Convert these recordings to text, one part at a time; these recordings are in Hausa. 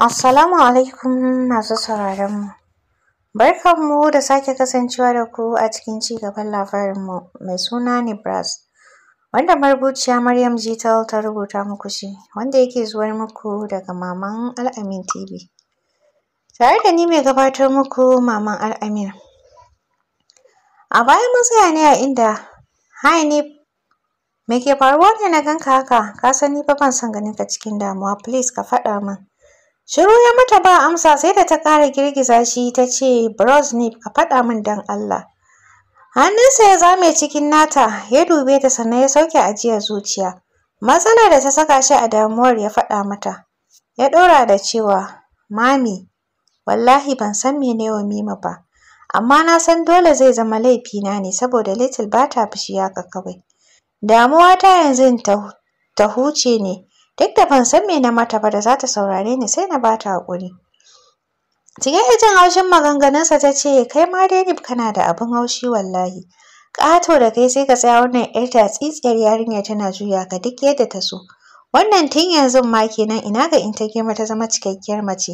Assalamu alaikum masu sauraron mu. Barkan mu da sake kasancewa da ku a cikin ci gaban labarin mu mai suna Nibras. Wanda marubuciya Maryam Jital ta rubuta muku shi, wanda yake zuwa muku daga Maman Al'amin TV. Tare da ni mai gabatar muku Maman Al'amin. A baya mun tsaya ne a inda Hanif Me ke faruwa ne na ganka haka? Ka san ni fa ban san ganin ka cikin damuwa. Please ka faɗa min. Shiru ya mata ba amsa sai da ta ƙara girgiza shi ta ce Bros a faɗa min don Allah. Hannunsa ya zame cikin nata ya dube ta sannan ya sauke ajiyar zuciya. Matsalar da ta saka shi a damuwar ya faɗa mata. Ya ɗora da cewa Mami wallahi ban san mene wa Mima ba amma na san dole zai zama laifina ne saboda Little ba ta fushi haka kawai. Damuwa ta yanzu ta huce ne duk da ban san me na mata ba da za ta saurare ni sai na ba ta haƙuri cike da jin haushin maganganunsa ta ce kai ma dai kana da abin haushi wallahi ƙato da kai sai ka tsaya wannan ƴar tsitsiyar yarinyar tana juya ka duk yadda ta so wannan tun yanzu ma kenan ina ga in ta girma ta zama cikakkiyar mace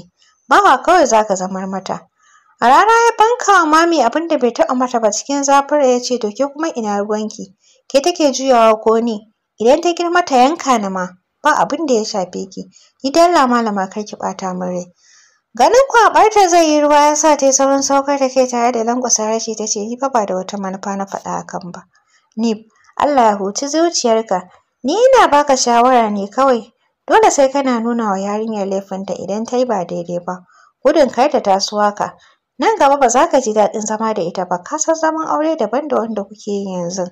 bawa kawai za ka zamar mata a rana ya banka wa mami abin da bai taɓa mata ba cikin zafira ya ce to ke kuma ina ruwanki ke take juyawa ko ni idan ta girma ta yanka ni ma ba abin da ya shafe ki gidan dalla malama kar ki ɓata min rai ganin ta zai yi ruwa ya sa ta yi saurin saukar da kai tare da lankwasa rashi ta ce ni fa ba da wata manufa na faɗa kan ba ni Allah ya huci zuciyarka ni ina baka shawara ne kawai dole sai kana nuna wa yarinyar laifin laifinta idan ta yi ba daidai ba gudun kar ta taso haka nan gaba ba za ka ji daɗin zama da ita ba ka san zaman aure daban da wanda kuke yi yanzu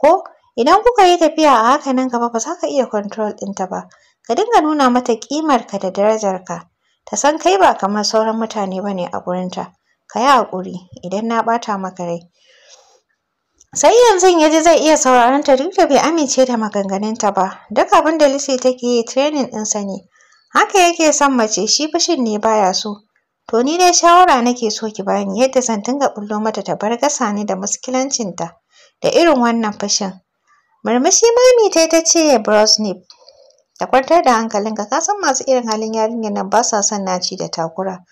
ko Idan kuka yi tafiya a haka nan gaba ba za ka iya control ɗinta ba. Ka dinga nuna mata ƙimarka da darajarka. Ta san kai ba kamar sauran mutane ba ne a gurinta. Ka yi haƙuri idan na ɓata maka rai. Sai yanzu ya ji zai iya sauraron ta duk da bai amince da ta ba. Duk abin da Lucy take yi training ɗinsa ne. Haka yake son mace shi fushin ne baya so. To ni dai shawara nake so ki bani yadda zan dinga ɓullo mata ta bar gasa ni da muskilancinta da irin wannan fushin. Murmushi mami ta yi ta ce Brosnip, da kwantar da hankalinka ka san masu irin halin yarinyar nan ba sa son naci da takura.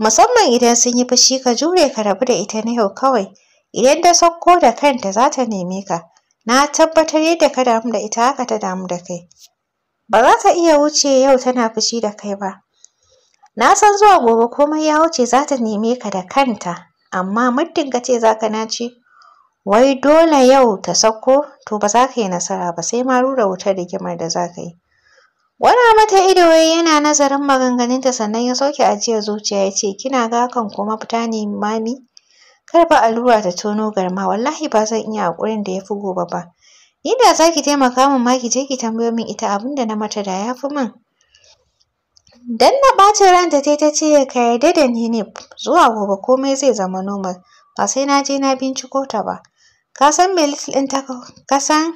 Musamman idan sun yi fushi ka jure ka rabu da ita na yau kawai, idan ta sauko da kanta za ta neme ka. Na tabbatar yadda ka damu da ita haka ta damu da kai. Ba za ta iya wuce yau tana fushi da kai ba. Na san zuwa gobe komai ya wuce za ta neme ka da kanta, amma muddin ka ce za ka naci wai dole yau ta sauko to ba za ka yi nasara ba sai ma rura wutar rigimar da za ka yi wani mata ido yana nazarin maganganunta sannan ya sauke ajiyar zuciya ya ce kina ga hakan kuma fita ne mami kar fa allura ta tono garma wallahi ba zan iya haƙurin da ya fi gobe ba ni da za ki taimaka min ma ki je ki tambayo min ita abin da na mata da ya fi min dan na ɓacin ranta da ta ce ka yarda da ni ne zuwa gobe komai zai zama normal ba sai na je na binciko ta ba ka san me little ɗin taka ka san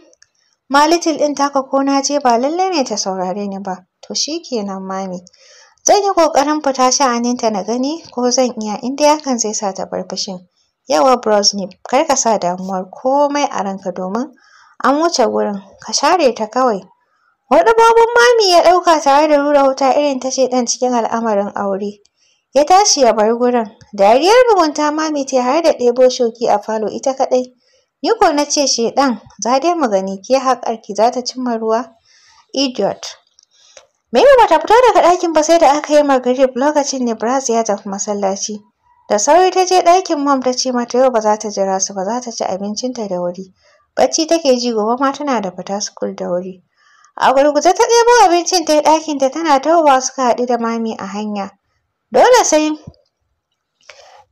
ma little ɗin taka ko na je ba lallai ne ta saurare ni ba to shi kenan mami zan yi ƙoƙarin fita sha'aninta na gani ko zan iya in dai hakan zai sa ta bar fushin yawa brosnip kar ka sa damuwar komai a ranka domin an wuce gurin ka share ta kawai wani babban mami ya ɗauka tare da rura wuta irin ta ɗan cikin al'amarin aure ya tashi ya bar gurin dariyar mugunta mami ce har da ɗebo shoki a falo ita kaɗai yiko na ce ɗan, za dai mu gani ke ki za ta cimma ruwa. Idiot. me ba ta fito daga ɗakin ba sai da aka yi magrib lokacin ne Bras ya tafi masallaci. Da sauri ta je ɗakin mom ta ce mata yau ba za ta jira su ba za ta ci abincinta da wuri. Bacci take ji gobe ma tana da fita sukul da wuri. A gurguje ta ɗebo abincin ta yi ɗakinta tana tahowa suka haɗu da mami a hanya. Dole sai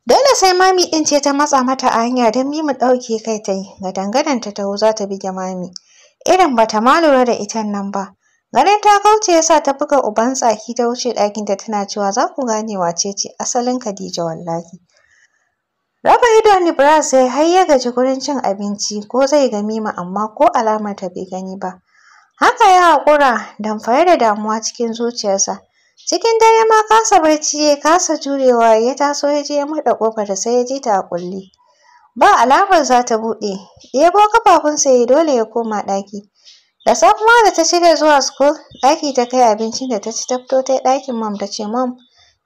Dole sai mami ɗin ce ta matsa mata a hanya don Mimu ɗauke kai ta yi, dangadan ta taho za ta buge mami. Irin ba ta ma lura da ita nan ba. Ganin ta kauce ya sa ta buga uban tsaki ta wuce ɗakinta tana cewa za ku gane wace ce asalin Khadija wallahi. Raba idon Nibras zai har ya gaji gurin cin abinci ko zai ga Mimu amma ko alamar ta bai gani ba. Haka ya haƙura, damfare da damuwa cikin zuciyarsa. Cikin dare ma kasa barci ya kasa jurewa ya taso ya je ya murɗa ƙofar sai ya ji ta a kulle. Ba alamar za ta buɗe, Ya ɗebo kafafunsa ya dole ya koma ɗaki. Da safe da ta shirya zuwa school, ɗaki ta kai abincin da ta ci ta fito ta yi ɗakin mam ta ce mam.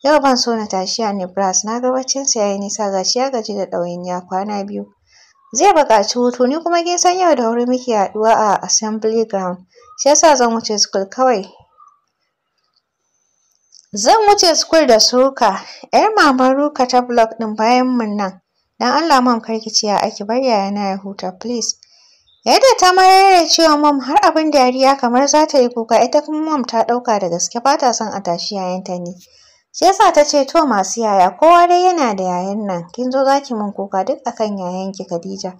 yau ban so na tashi a Nebras na ga baccinsa ya yi nisa ga shi ya gaji da ɗawainiya kwana biyu. Zai buƙaci hutu ni kuma kin san yau da wuri muke haɗuwa a assembly ground shi yasa zan wuce school kawai Zan wuce school da suruka. ‘yar maman Ruka ta block ɗin bayan mun nan. Dan Allah mun kar kici ya aki bar yayana ya huta please. Yadda ta mayar cewa mom har abin dariya kamar za ta yi kuka ita kuma mom ta ɗauka da gaske ba ta son a tashi yayanta ne. Shi yasa ta ce to masu yaya kowa dai yana da yayan nan kin zo za ki min kuka duk akan ki Khadija.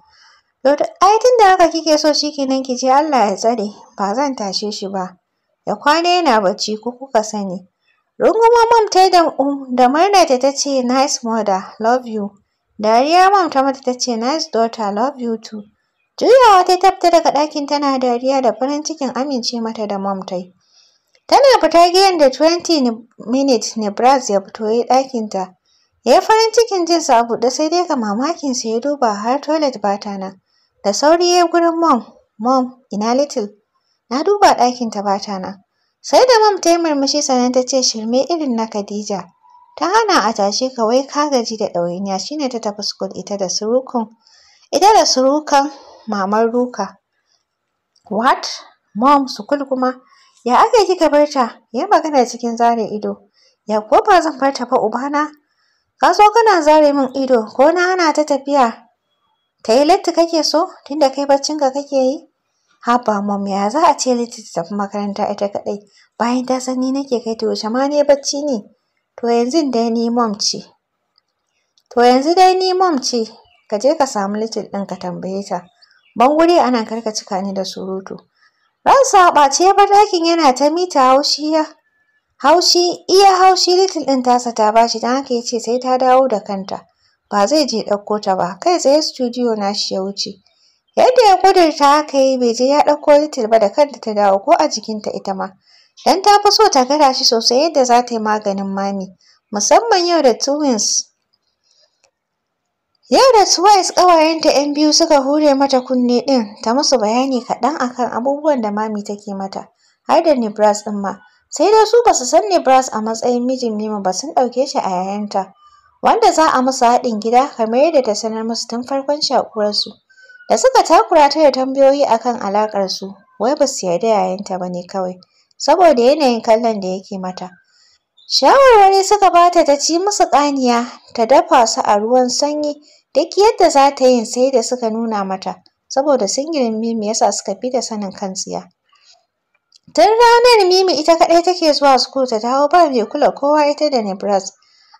To ai tun da haka kike so shikenan ki je Allah ya tsare ba zan tashe shi ba. Ya kwana yana bacci ko kuka sani. rungumar mom ta yi da um, murnarta ta ce nice mother, love you. Dariya mom ta mata ta ce nice daughter, love you too. Juyawa ta tafta daga ɗakin tana dariya da farin cikin amince mata da mom ta yi. Tana fita gidan da 20 minutes ne ya fito ya ɗakinta. Ya yi farin cikin jin sa a buɗe sai dai ga mamakinsa ya duba har toilet ba ta nan. Da sauri ya yi gurin mom, mom ina little? Na duba ɗakinta ba ta nan. Sai da mam ta yi murmushi sannan ta ce shirme irin na Khadija. Ta hana a tashi kawai wai ka gaji da ɗawainiya shi ne ta tafi sukul ita da surukan Ita da surukan maman Ruka. What? Mom sukul kuma? Ya aka kika bar ta? Ya magana cikin zare ido. Ya ko ba zan bar ta ba ubana? Ka zo kana zare min ido ko na hana ta tafiya? Ta yi latti kake so tunda kai baccin ka kake yi? Haba mom ya za a ce Liti ta tafi makaranta ita kaɗai bayan ta san ni nake kai ta wuce ma ne bacci ne. To yanzu dai ni mom ce. To yanzu dai ni mom ce. Ka je ka samu Liti ɗin ka tambaye ta. Ban guri ana karka cika ni da surutu. Ran a ce ba bar ɗakin yana ta mita haushi ya. Haushi iya haushi Liti ɗin tasa ta bashi don haka ya ce sai ta dawo da kanta. Ba zai je ɗauko ta ba kai tsaye studio na shi ya wuce. yadda ya kudurta haka yi bai je ya ɗauko litil ba da kanta ta dawo ko a jikinta ita ma dan ta fi so ta gara shi sosai yadda za ta yi maganin mami musamman yau da twins yau da twice ƙawayenta yan biyu suka hure mata kunne ɗin ta musu bayani kaɗan akan abubuwan da mami take mata har da nebras ɗin ma sai dai su basu san nebras a matsayin mijin mima ba sun ɗauke shi a yayanta wanda za a musu haɗin gida kamar yadda ta sanar musu tun farkon shaƙuwarsu da suka takura ta da tambayoyi akan alaƙarsu wai ba su yarda yayanta ba ne kawai saboda yanayin kallon da yake mata shawarwari suka bata ta ci musu ƙaniya ta dafa su a ruwan sanyi duk yadda za ta yin sai da suka nuna mata saboda sun girmi me yasa suka fi da sanin kan tsiya tun ranar mimi ita kaɗai take zuwa school ta dawo ba mai kula kowa ita da nebras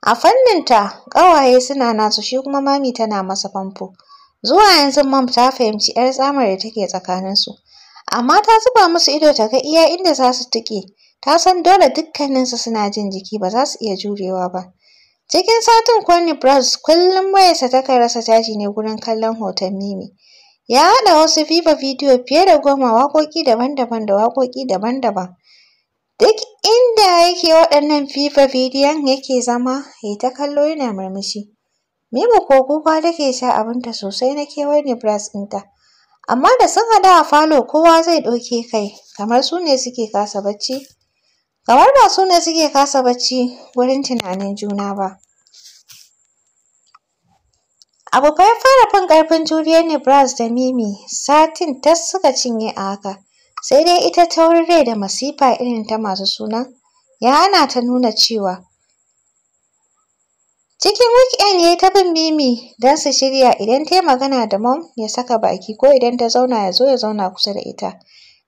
a fanninta ƙawaye suna nasu shi kuma mami tana masa famfo Zuwa yanzu mam ta fahimci 'yar tsamar da take tsakaninsu. Amma ta zuba musu ido ta ga iya inda za su tuƙe. Ta san dole dukkaninsu suna jin jiki ba za su iya jurewa ba. Cikin satin kwanni bros kullum wayarsa takan rasa caji ne gurin kallon hoton Mimi. Ya haɗa wasu fifa bidiyo fiye da goma waƙoƙi daban-daban da waƙoƙi daban-daban. Duk inda yake waɗannan fifa bidiyon yake zama ya ta kallo yana murmushi. Mimu ko kuka take sha abinta sosai na kewar bras ɗinta. Amma da sun haɗu a falo kowa zai ɗauke kai kamar su ne suke kasa bacci. Kamar ba su ne suke kasa bacci wurin tunanin juna ba. Abu fa ya fara fin ƙarfin juriyar Nibras da Mimi satin tas suka cinye a haka. Sai dai ita taurin rai da masifa irin ta masu suna ya hana ta nuna cewa Cikin weekend ya ta bin Mimi don su shirya idan ta yi magana da mom ya saka baki ko idan ta zauna ya zo ya zauna kusa da ita.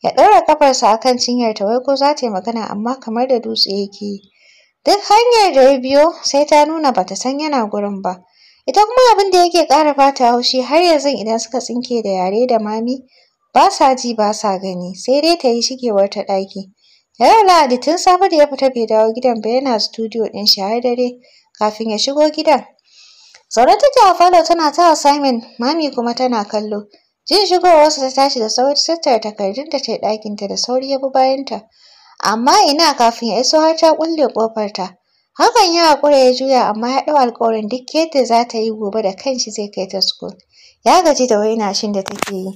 Ya ɗaura ƙafarsa a kan cinyarta wai ko za ta yi magana amma kamar da dutse yake yi. Duk hanyar da ya biyo sai ta nuna ba ta san yana gurin ba. Ita kuma abin da yake ƙara ba haushi har yanzu idan suka tsinke da yare da mami ba sa ji ba sa gani sai dai ta yi shigewar ta ɗaki. Yau Lahadi tun safe da ya fita bai dawo gidan ba yana studio ɗin shi har dare. kafin ya shigo gidan. Zaune take a falo tana ta Simon, mami kuma tana kallo. Jin shigowarsa ta tashi da sauri ta tattara da ta ɗakinta da sauri ya bi bayanta. Amma ina kafin ya iso har ta kulle kofar ta Hakan ya haƙura ya juya amma ya ɗau alƙawarin duk yadda za ta yi gobe da kanshi zai kai ta school. Ya gaji da shin da take yi.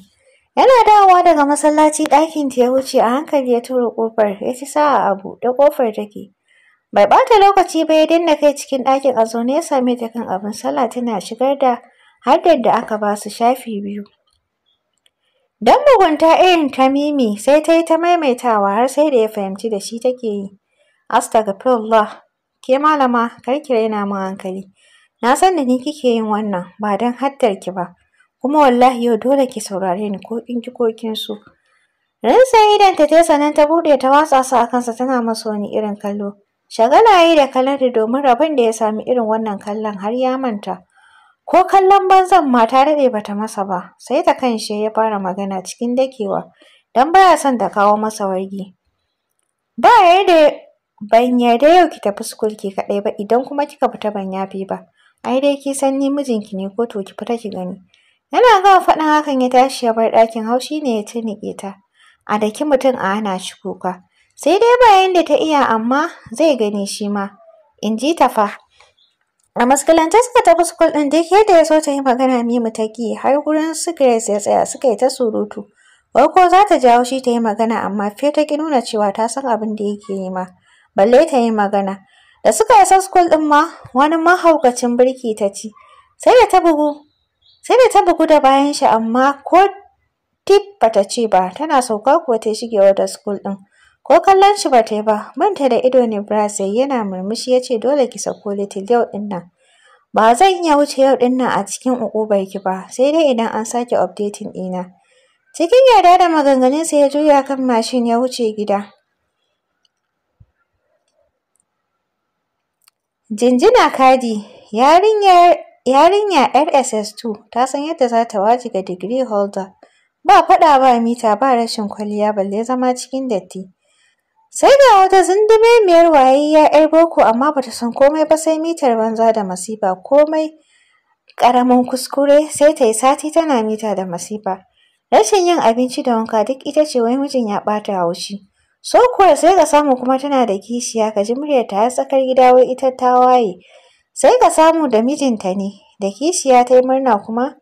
Yana dawowa daga masallaci ɗakinta ya wuce a hankali ya tura kofar ya ci sa'a a buɗe ƙofar take. Bai bata lokaci ba ya danna kai cikin ɗakin a zaune ya same ta kan abin sallah tana shigar da haddar da aka ba su shafi biyu. Don mugunta irin ta Mimi sai ta yi ta maimaitawa har sai da ya fahimci da shi take yi. Astagfirullah, ke malama kar ki raina mu hankali. Na san da ni kike yin wannan ba don haddarki ki ba. Kuma wallahi yau dole ki saurare ni ko kin ki kokinsu. kin Rinsa idonta ta sannan ta buɗe ta watsa su a kansa tana maso ni irin kallo. Shagala ya yi da Haladu domin rabin da ya sami irin wannan kallon har ya manta. Ko kallon banzan ma ta daɗe bata masa ba, sai da kanshi ya fara magana cikin dakewa don baya son ta kawo masa wargi. Ba yarda ban yarda yau ki tafi sukulki ki kaɗai ba idan kuma kika fita ban yafe ba. Ai dai ki san ni mijinki ne ko to ki fita ki gani. Yana gama faɗin hakan ya tashi ya bar ɗakin haushi ne ya tunnuƙe ta. A daki mutum a hana shi kuka. sai dai bayan da ta iya amma zai gani shi ma in ji ta fa a maskalanta suka tafi sukul ɗin duk yadda ya so ta yi magana mimu ta ki har gurin su grace ya tsaya suka yi ta surutu wai ko za ta jawo shi ta yi magana amma fe ta ki nuna cewa ta san abin da yake yi ma balle ta yi magana da suka isa sukul ɗin ma wani mahaukacin birki ta ci sai da ta bugu sai da ta bugu da bayan shi amma ko tip bata ce ba tana sauka kuwa ta shige da sukul ɗin Ko kallon shi ba ta yi ba, manta da ido ne Brazil sai yana murmushi ya ce dole ki sako Little yau ɗin nan. Ba zan iya wuce yau ɗin nan a cikin uƙubar ki ba, sai dai idan an sake updating ɗina. Cikin yarda da maganganunsa ya juya kan mashin ya wuce gida. Jinjina Kadi, yarinya RSS2 ta san yadda za ta waje ga degree holder. Ba faɗa ba mita ba rashin kwalliya balle zama cikin datti. Sai ga wata miyar zindimemiyar ya 'yar boko amma bata san komai ba sai mitar banza da masifa komai karamin kuskure sai ta yi sati tana mita da masifa. Rashin yin abinci da wanka duk ita ce wai mijin ya ɓata haushi. So kuwa sai ka samu kuma tana da kishiya ka ji ta ya tsakar gida wai ita ta waye. Sai ka samu da mijinta ne, da kishiya ta yi murna kuma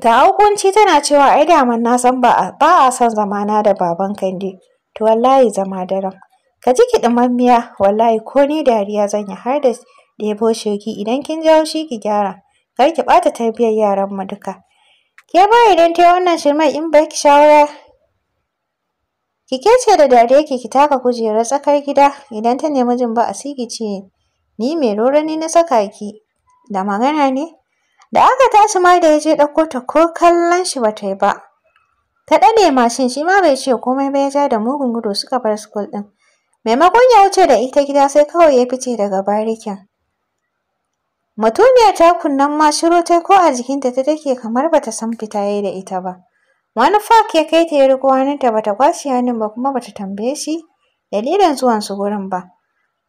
ta hukunci tana cewa ai man na san ba a son zamana da baban Kande. to wallahi zama daren ka ji kiɗimammiya wallahi ko ni dariya zan yi har da ɗebo shirki idan kin jawo shi ki gyara kar ki ɓata tarbiyyar yaran mu duka ke ba idan ta wannan shirmai in ba ki shawara ki kece da dariya ki ki taka kujerar tsakar gida idan ta nemi jin ba a sigi ce ni mai rorani na saka ki da magana ne da aka tashi ma da ya je ɗauko ta ko kallon shi ba ta yi ba Ta ɗane mashin shi ma bai ce komai ba ya ja da mugun gudu suka bar school ɗin. Maimakon ya wuce da ita gida sai kawai ya fice daga barikin. Mutumiyar ta kunnan ma shiro ta ko a jikinta ta take kamar bata san fita yayi da ita ba. Wani fak ya kai ta ya riko hannunta bata kwashe hannun ba kuma bata tambaye shi dalilin zuwan su gurin ba.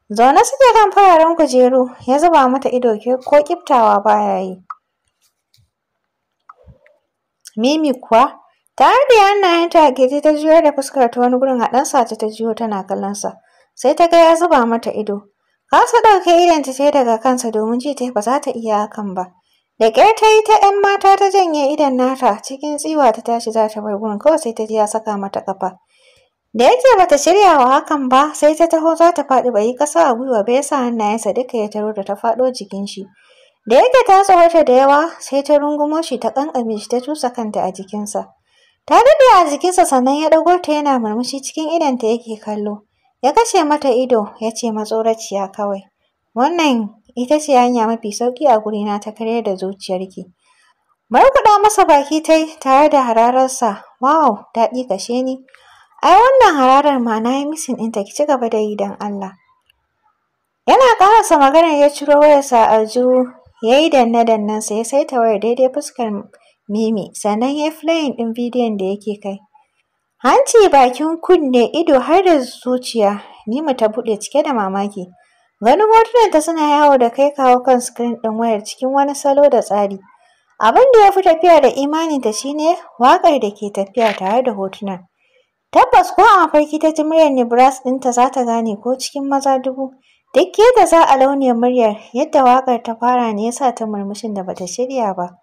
Zaune suke kan fararen kujeru ya zuba mata ido ko kiftawa baya yi. Mimi kuwa Tare da hannayenta a gidi ta juyo da fuskar ta wani gurin a ɗan sace ta juyo tana kallon sa. Sai ta ga ya zuba mata ido. Kasa ɗauke idonta ta daga kansa domin ji ta ba za ta iya hakan ba. Da ƙyar ta yi ta ‘yan mata ta janye idan nata cikin tsiwa ta tashi za ta bar gurin kawai sai ta ji ya saka mata ƙafa. Da yake ba ta shirya wa hakan ba sai ta taho za ta faɗi bai yi ƙasa a gwiwa ba ya sa hannayensa duka ya taro da ta faɗo jikin shi. Da yake ta tsorata da yawa sai ta rungumo shi ta ƙanƙame shi ta cusa kanta a jikinsa. Ta daɗe a jikinsa sannan ya ɗago ta yana murmushi cikin idonta yake kallo. Ya kashe mata ido ya ce matsoraciya kawai. Wannan ita ce hanya mafi sauki a gurina ta karyar da zuciyarki. Markuɗa masa baki ta yi tare da hararsa. Wow, daɗi kashe ni. Ai wannan hararar ma na yi misin ɗinta ki ci gaba da yi don Allah. Yana ƙarasa maganar ya ciro wayarsa a aljihu ya yi danne-dannensa ya saita wayar daidai fuskar Mimi sannan ya flayin ɗin bidiyon da yake kai. Hanci bakin kunne ido har da zuciya Nima ta buɗe cike da mamaki. Ganin hotunanta suna yawo da kai kawo kan screen ɗin wayar cikin wani salo da tsari. Abin da ya fi tafiya da imaninta shi ne waƙar da ke tafiya tare da hotunan. Tabbas ko a mafarki ta ji muryar Nibras ɗinta za ta gane ko cikin maza dubu. Duk da za a launiya muryar, yadda waƙar ta fara ne ya sa ta murmushin da bata shirya ba.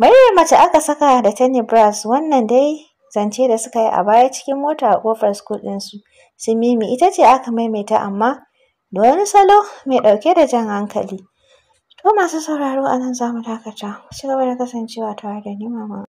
mai mace aka saka da Tani Brass wannan dai zance da suka yi a baya cikin mota a ƙofar school ɗinsu su Mimi ita ce aka maimaita amma da wani salo mai ɗauke da jan hankali. To masu sauraro a nan za mu dakata. Ku ci gaba da kasancewa tare da ni